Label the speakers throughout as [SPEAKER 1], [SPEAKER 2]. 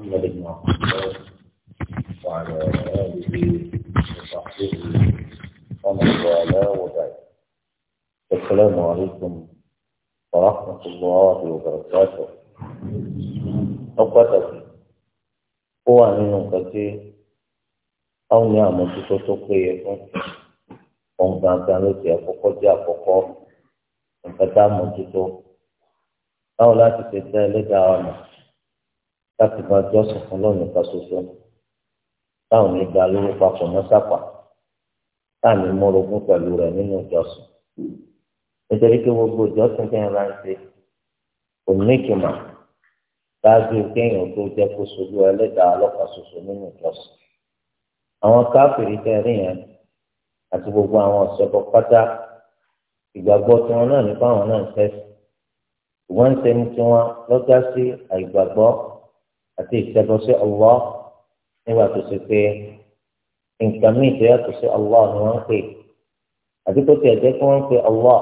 [SPEAKER 1] محمد بن عبد الله وعلى آله وصحبه ومن والاه وبعد السلام عليكم ورحمة الله وبركاته أقدر هو أن كثير أو نعم تتوقيكم ohun gbàngàn ló ti àkọ́kọ́ jẹ́ àkọ́kọ́ nǹkan tá a mọ̀ tuntun báwo láti ṣe tẹ́ ẹlẹ́dàá ọ̀nà láti bá jọ́sìn fún lọ́nà ìka ṣoṣo táwọn ní gba lórí papọ̀ mọ́sápà táwọn ní mọ́rogún pẹ̀lú rẹ̀ nínú ìjọsìn nítorí pé gbogbo ìjọsìn tẹ́yìn máa ń ṣe kò ní kìmà ṣáájú kéèyàn tó jẹ́ kó ṣojú ẹlẹ́dàá ọlọ́pàá ṣoṣo nínú ìjọsìn àwọn káfìrí tẹ́ rí yẹn àti gbogbo àwọn ọ̀ṣẹ́bọ pátá ìgbàgbọ́ tiwọn náà nípa àwọn náà ń tẹ́sí ìwọ́n ń ṣe ní tiwọn lọ́jà sí àìgbàgbọ́ àti ìṣẹ́gun sí Allah nígbà tó ṣe pé nǹkan míì tó yàtọ̀ sí Allah ni wọ́n ń pè àti kó tiẹ̀ jẹ́ kí wọ́n ń pe Allah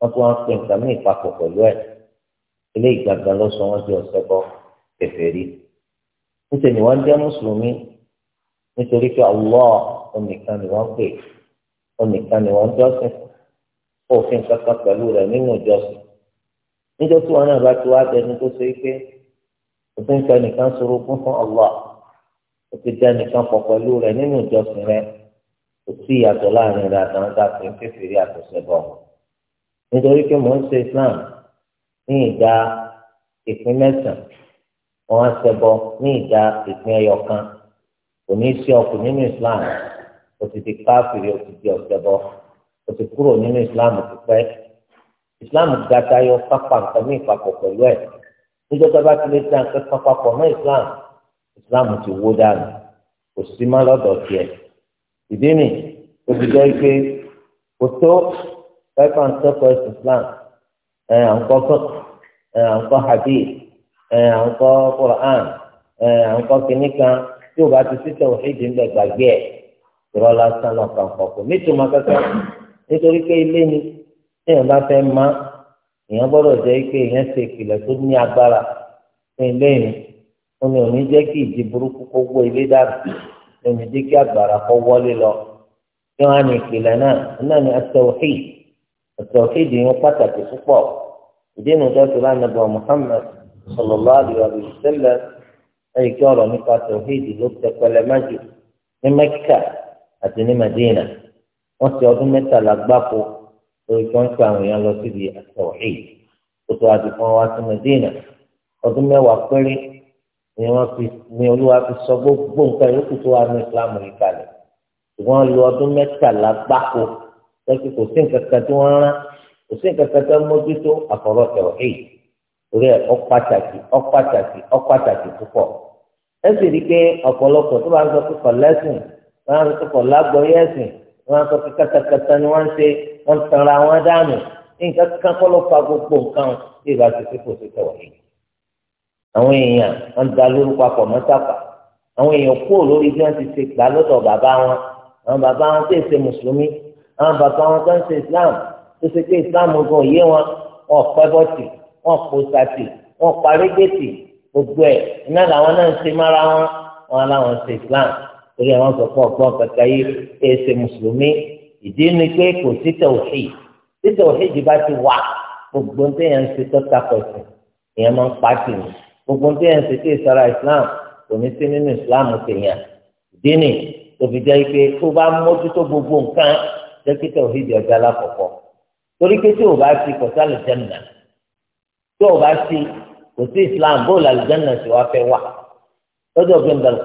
[SPEAKER 1] wọ́n tún wá ń pe nǹkan míì papọ̀ pẹ̀lú ẹ̀ ilé ìgbàgbọ́ ló sọ wọ́n di ọ̀ṣẹbọ kèfèrí níṣẹ́ ni wọ́n jẹ́ mùsùlùmí nítorí pé Allah onìkan ni wọ́n pè onìkan ni wọ́n jọ́sìn òfin kankan pẹ̀lú rẹ̀ nínú ìjọsìn níjọ́ tí wọn náà bá ti wá dẹni tó ṣe pé o ti ń sọ nìkan sorokún fún Allah o ti dá nìkan pọ̀ pẹ̀lú rẹ̀ nínú ìjọsìn rẹ̀ kò sí ìyàtọ̀ láàrin rẹ̀ àtàwọn dàpọ̀ kékeré àtọ̀sẹ̀bọ̀ nítorí pé mò ń ṣe Islam ní ìdá ìpín mẹ́sàn wọn á ṣẹbọ ní ìdá ìpín ẹyọ kan kò ní í ṣe nínú Islam o ti di káfíìrì o ti di ọ̀ṣẹbọ o ti kúrò nínú Islam ti Islam gbàtayọ pápá nǹkan ní ìpapọ̀ pẹ̀lú ẹ̀ níjọ́ tó bá ti lè dá nǹkan papọ̀ mọ́ islam islam ti wó dànù kò sí má lọ́dọ̀ tiẹ̀ ìdí nì tó fi jẹ́ pé kò tó five and ten for islam ẹ̀ à ń kọ́ quran ẹ̀ à kan tí o bá ti sí tẹ̀wọ̀n ìdí ńlẹ gbàgbé ẹ̀ ìrọ̀ lásán lọ́kàn kọ̀ọ̀kan nítorí ma kankan nítorí pé ilé ni tí bá fẹ́ máa. èèyàn gbọ́dọ̀ jẹ́ pé èèyàn ṣe ìpìlẹ̀ tó ní agbára fún ilé yìí ó ní òní jẹ́ kí ìdí burúkú kó wó ilé dànù ní òní jẹ́ kí àgbàrá kó wọlé lọ kí wọ́n á ní ìpìlẹ̀ náà náà ní at-tawhid at-tawhid pàtàkì púpọ̀ ìdí nu dọ́tí lánàbọ̀ Muhammad sallallahu alaihi wa ẹ̀yìn kí ọ̀rọ̀ nípa Madina wọ́n ti ọdún mẹ́tàlá lórí kí wọ́n ń pa àwọn èèyàn lọ síbi àtọ̀wé kó tó àti fún wa sí Medina ọdún mẹ́wàá péré ni wọ́n fi ni olúwa fi sọ gbogbo nǹkan yòókù tó wà ní Islam rí kalẹ̀ ṣùgbọ́n lo ọdún mẹ́tàlá gbáko lọ́sí kò sí nǹkan kan tí wọ́n rán kò sí nǹkan kan tó mójútó àfọ̀rọ̀ tẹ̀wé torí ẹ̀ ọ́pàtàkì ọ́pàtàkì ọ́pàtàkì púpọ̀ ẹ sì rí i pé ọ̀pọ̀lọpọ̀ tó bá ń sọ pé kọ̀ lẹ́sìn bá ń sọ pé kọ̀ lágbọ́yé wọn sọ pé kàtàkàtà ni wọn ṣe wọn tanra wọn dànù nǹkan kan kọ́ ló fa gbogbo nǹkan tí ìbá ti fi kò sí tẹ̀wọ̀ yìí. àwọn èèyàn wọn da lórúkọ àpọ̀ mọ́tàpá àwọn èèyàn kúrò lórí bí wọ́n ti ṣe gbà lọ́dọ̀ bàbá wọn àwọn bàbá wọn tó ṣe mùsùlùmí àwọn bàbá wọn tó ń ṣe islam tó ṣe pé islam gan yé wọn wọn pẹ́ bọ́tì wọn kó sàtì wọn parí gẹ̀tì gbogbo ẹ̀ iná làwọn náà ń ṣe mára wọn wọn islam torí àwọn sọ fún ọgbọ́n kankan yìí ẹ ṣe mùsùlùmí ìdí ni pé kò sí tẹ̀wọ̀hì tí tẹ̀wọ̀hì bá ti wà gbogbo ń tẹ̀yàn ń ṣe tọ́ta pẹ̀sìn ìyẹn máa ń pàṣẹ ní gbogbo ń tẹ̀yàn ṣe tí ìsara islam kò ní sí nínú islam tẹ̀yàn ìdí ni tó fi jẹ́ pé tó bá mójútó gbogbo nǹkan jẹ́ kí tẹ̀wọ̀hì di ọjà lákọ̀ọ́kọ́ torí pé tí ò bá ti kọ̀ sálẹ̀ jẹ́nà tí ò bá ti kò sí islam bóòlù àlùjẹ́nà sì wá fẹ́ wà lọ́jọ́ gbẹ̀ngàn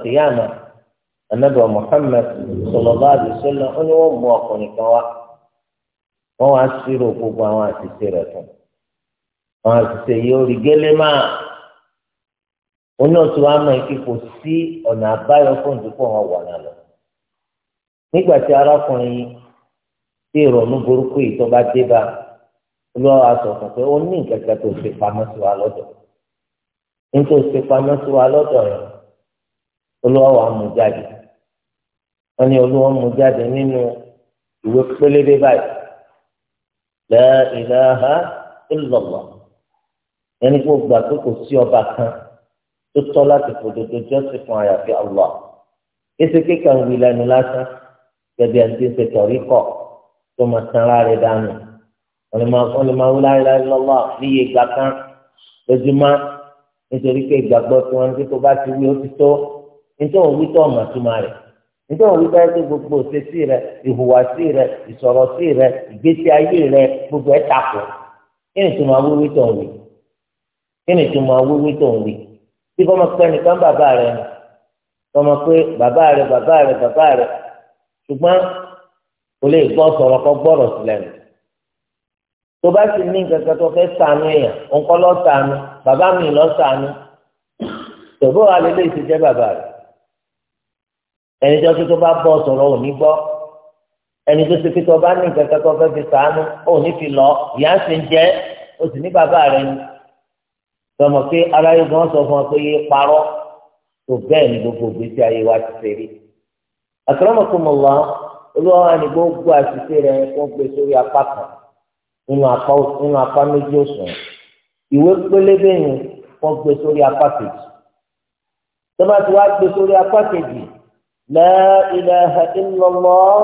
[SPEAKER 1] anabiwa muhammed sọlọlá àdìsọlá ó ní wọn mú ọkùnrin kan wá wọn wá sírò gbogbo àwọn àṣìṣe rẹ̀ fún àwọn àṣìṣe yìí ó rí gélé máa ó náà tó wá mọ ìkíkò sí ọ̀nà àbáyọ fún ìdúpọ̀ wọn wà náà lọ nígbà tí arákùnrin tí ìrònú burúkú yìí tó bá dé bá olúwa aṣọ kan pé ó ní nǹkan tó ṣe pamọ́ sí wa lọ́dọ̀ nítorí ṣe pamọ́ sí wa lọ́dọ̀ yẹn olúwa wà mú jáde wọn ní olúwa mú jáde nínú ìwé pélébé báyìí la ilaha illallah ẹni kó gbà pé kò sí ọba kan tó tọ́ láti fòdodo jọ́sìn fún àyàfi Allah èsì kékeré ń wí lẹ́nu lásán gẹ́gẹ́ bí ẹni tí ń tó máa tan láre dànù wọn lè máa wí la ilaha illallah níye ìgbà kan lójúmọ́ nítorí pé ìgbàgbọ́ tí wọ́n ń ké tó bá ti wí ó ti tó nítorí wí tó ọ̀mà tó máa rẹ̀ nítorí wọn wípé ẹgbẹ́ gbogbo òṣèṣì rẹ ìhùwàsí rẹ ìsọ̀rọ̀sí rẹ ìgbésí ayé rẹ gbogbo ẹ̀ takò kí ni tó máa wíwí tó ń wí kí ni tó máa wíwí tó ń wí bí kọ́ máa pẹ́ nìkan bàbá rẹ ni kọ́ máa pé bàbá rẹ bàbá rẹ bàbá rẹ ṣùgbọ́n kò lè gbọ́ sọ̀rọ̀ kọ́ gbọ́rọ̀ sílẹ̀ nù tó bá sì ní nǹkan tó fẹ́ sànú èèyàn òǹkọ́ lọ́ sànú bàbá mi lọ́ sànú tòbó ẹni tó tó tó bá bọ́ sọ̀rọ̀ ò ní gbọ́ ẹni tó ṣe pé tó bá ní nǹkan kan tó fẹ́ fi sàánú ó ní fi lọ ìyá ṣe ń jẹ ó sì ní bàbá rẹ ni tọmọ pé aráyé gan sọ fún ọ pé yé parọ́ tó bẹ́ẹ̀ ni gbogbo ìgbésí ayé wa ti ṣe rí àkàràmọ̀kùnmọ̀lá olúwa ni gbogbo àṣìṣe rẹ wọ́n gbé sórí apá kan nínú apá méjì òsùn ìwé pélébé yẹn wọ́n gbé sórí apá kejì tó bá ti wá gbé sórí apá kejì la ilaha illallah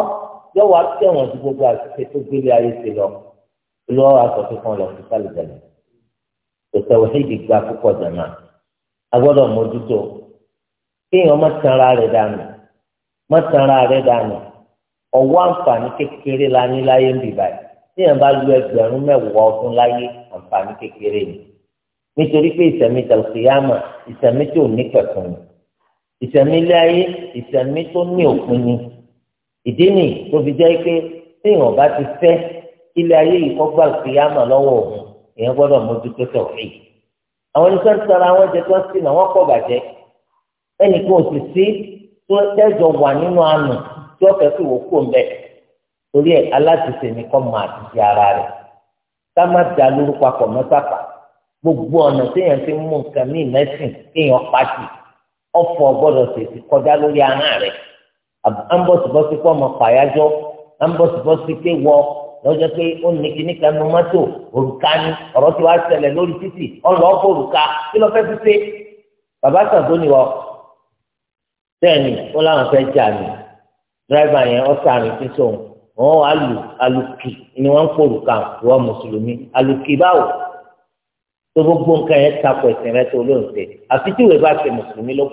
[SPEAKER 1] yóò wá tẹ̀wọ̀n sí gbogbo àṣìṣe tó gbélé ayé ti lọ lọ́wọ́ àtọ̀tí kan lọ sí sálùbẹ̀lẹ̀ òtẹ̀ òṣèjì gba púpọ̀ jàmá agbọ́dọ̀ mójútó kéèyàn má tan ara rẹ̀ dànù má tan ara rẹ̀ dànù ọwọ́ àǹfààní kékeré la ní láyé ń bì báyìí téèyàn bá lu ẹgbẹ̀rún mẹ́wàá ọdún láyé àǹfààní kékeré ni nítorí pé ìsẹ̀mí tàlùkìyàmà ìsẹ̀mí tí ní pẹ̀kùn ni ìsẹ̀mí ilé ayé ìsẹ̀mí tó ní òpin ni ìdí nìyí tó fi jẹ́ pé téèyàn bá ti fẹ́ ilé ayé yìí kọ́gbà kìyàmà lọ́wọ́ òun èèyàn gbọ́dọ̀ mójútó tọ̀hìn àwọn oníṣẹ́ ń sara wọn jẹ tó ń sìn àwọn kọ̀ bàjẹ́ ẹnì kan ò sì sí tó tẹ́jọ wà nínú àánú tí ó fẹ́ fìwò kó mbẹ́ torí ẹ̀ aláṣìṣe ni kọ́ máa ti di ara rẹ̀ ká má da lórúkọ akọ̀ gbogbo ọ̀nà téèyàn ti mú nǹkan ní ìmẹ́sìn kéèyàn pàṣẹ ọ̀fọ̀ gbọ́dọ̀ tètè kọjá lórí ahọ́n rẹ̀ ambọ̀sibọ́sí pọ̀ mọ̀ pàyájọ́ ambọ̀sibọ́sí pé wọ lọ́jọ́ pé ó ní kíní kan nu mọ́tò òrùka ni ọ̀rọ̀ tí wàá ṣẹlẹ̀ lórí títì ọ̀lọ́ ọ̀fọ̀ òrùka kí lọ́ fẹ́ fi ṣe bàbá sàgbó ni wọ bẹ́ẹ̀ni ó láwọn fẹ́ jà mí dírẹ́bà yẹn ọ̀sà mi ti sọ wọn wà lù alùkì ni wọ́n ń pò òrùka ìwọ mùsùlùmí alùkì báwo tó gbogbo nǹkan yẹn takò ẹ̀sìn rẹ tó lóun ṣe àfi tí ìwé bá ṣe mùsùlùmí ló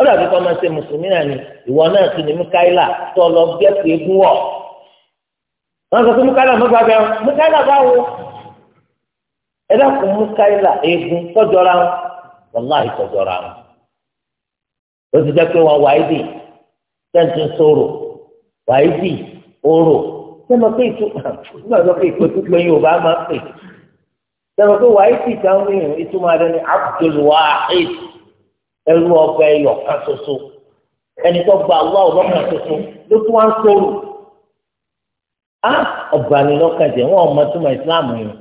[SPEAKER 1] ó dàbí kọ́ máa ṣe mùsùlùmí náà ni ìwọ náà ti ní Mukaila tó lọ gẹ́pù egun wọ̀ wọ́n sọ pé Mukaila mọ́gbà bẹ́ẹ̀ Mukaila báwo ẹ dákun Mukaila egun tọ́jọ́ra wọn wàláhì tọ́jọ́ra wọn ó ti jẹ́ pé wọn wáyé dì tẹ́ǹtì sọ̀rọ̀ wáyé dì orò sẹ́mi pé ìtú nígbà tó pé ìpè pípé yìí ò bá máa pè sẹ́mi pé wáyé dì táwọn èèyàn ìtumọ̀ adé ni Abdul Wahid ẹrú ọgbà ẹyọ kan ṣoṣo ẹni tó gba àwọn ọgbà kan ṣoṣo ló tún wá ń sọ̀rọ̀ á ọgbà ni lọ́kàn jẹ wọn ọmọ túmọ̀ islam yìí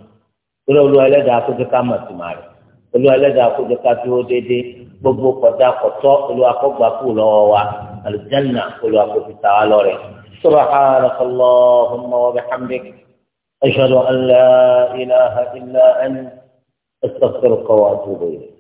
[SPEAKER 1] torí olúwa ẹlẹ́dàá akójọ ká mọ̀ túmọ̀ rẹ̀ olúwa ẹlẹ́dàá akójọ ká dúró déédéé gbogbo kọjá kọtọ olúwa kọgbà kú lọ́wọ́ wa aljanna olúwa kò fi ta wá lọ́rẹ سبحانك اللهم وبحمدك أشهد أن لا إله إلا أنت أستغفرك وأتوب إليك